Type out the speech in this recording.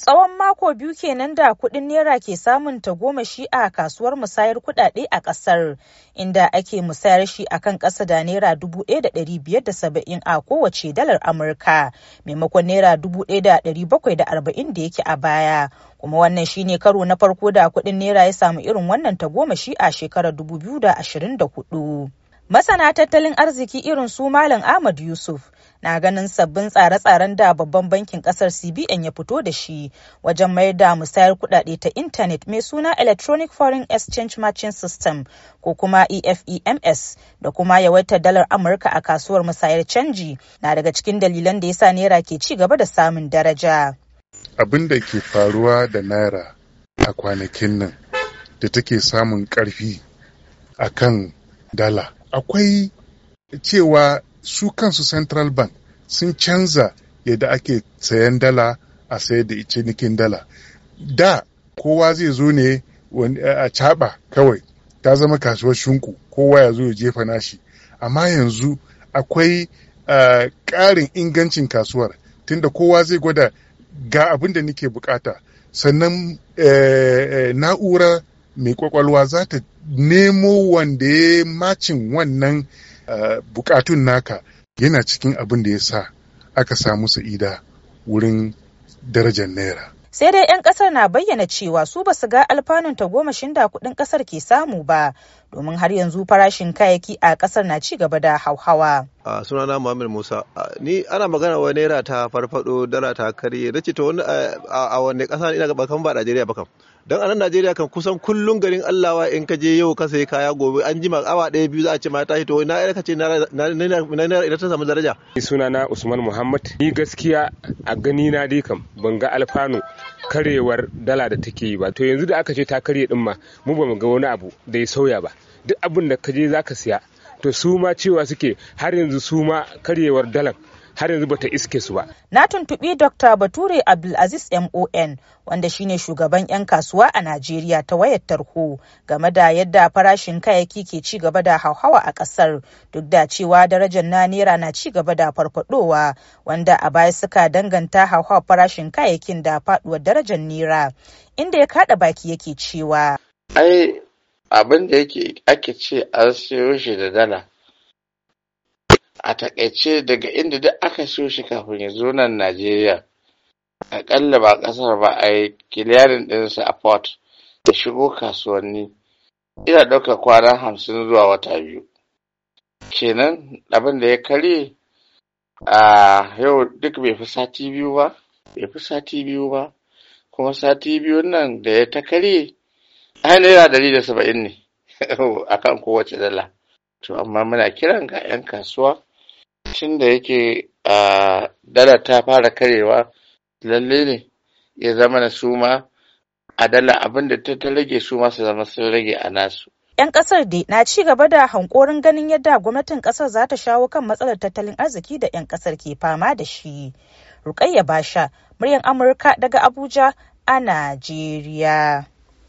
Tsawon mako biyu kenan da kuɗin Naira ke samun tagomashi a kasuwar musayar kuɗaɗe a ƙasar, inda ake musayar shi a kan ƙasa da Naira saba'in a kowace dalar Amurka, maimakon Naira 1,740 da bakwai da da arba'in yake a baya. Kuma wannan shine karo na farko da kuɗin Naira ya samu irin wannan ta tagomashi a shekarar dubu biyu da da ashirin hudu. Masana tattalin arziki irin su Malam Ahmad Yusuf na ganin sabbin tsare-tsaren da babban bankin kasar CBN ya fito da shi wajen mayar da musayar kudade ta intanet mai suna Electronic Foreign Exchange Matching System ko kuma EFEMS da kuma yawaitar dalar Amurka a kasuwar musayar canji na daga cikin dalilan da ya sa naira ke ci gaba da samun daraja. Abin da ke faruwa da naira a kwanakin nan da take samun karfi akan dala akwai cewa su kansu central bank sun canza yadda ake sayan dala a sayar da cinikin dala da kowa zai zo ne a caba kawai ta zama kasuwar shunku kowa ya zo ya jefa nashi amma yanzu akwai ƙarin ingancin kasuwar tunda kowa zai gwada ga abin da nake bukata sannan eh, eh, na'ura mai kwakwalwa za ta nemo wanda ya macin wannan uh, bukatun naka yana cikin abin da ya sa aka samu sa'ida wurin darajar naira. sai dai 'yan kasar na bayyana cewa su ba su ga alfanun tagomashin da kudin kasar ke samu ba domin har yanzu farashin kayayyaki a kasar na ci gaba da hauhawa. a sunana Muhammad Musa ni ana magana wa naira ta farfado dala ta karye nace to wani a wanne kasa ina ba kan ba Najeriya ba kan dan anan Najeriya kan kusan kullun garin allawa in ka je yau ka sai kaya gobe an jima awa ɗaya biyu za a ce ma tashi to ina ina kace na na ina ta samu daraja sunana Usman Muhammad ni gaskiya a gani na dai kam ban ga alfanu karewar dala da take yi ba to yanzu da aka ce ta karye din ma mu ba mu ga wani abu da ya sauya ba duk abin da ka je za ka siya to su ma cewa suke har yanzu su ma karyewar dalar har yanzu bata iske su ba. Na tuntuɓi Dr. Bature Abdulaziz MON wanda shine shugaban 'yan kasuwa a Najeriya ta wayar tarho game da yadda farashin kayayyaki ke ci gaba da hauhawa a ƙasar duk da cewa darajar na nera na ci gaba da farfadowa wanda a baya suka danganta hauhawar farashin kayayyakin da faɗuwar darajar nera, inda ya kaɗa baki yake cewa. Ai abin da yake ake ce an siyo shi da dala a takaice daga inda duk aka siyo shi kafin ya zo nan najeriya akalla ba kasar ba a yi kiliyarin ɗinsa a port da shigo kasuwanni ina ɗauka kwana hamsin zuwa wata biyu kenan abin da ya karye a yau duk bai fi sati biyu ba bai fi sati biyu ba kuma sati biyu nan da ya ta karye ai naira dari da saba'in ne akan kowace dala to amma muna kiran ga 'yan kasuwa shin da yake a dala ta fara karewa lalle ne ya zama na suma a dala abinda ta ta rage su masu zama sun rage a nasu 'yan kasar dai na ci gaba da hankorin ganin yadda gwamnatin kasar za ta shawo kan matsalar tattalin arziki da 'yan kasar ke fama da shi rukayya basha muryan amurka daga abuja a najeriya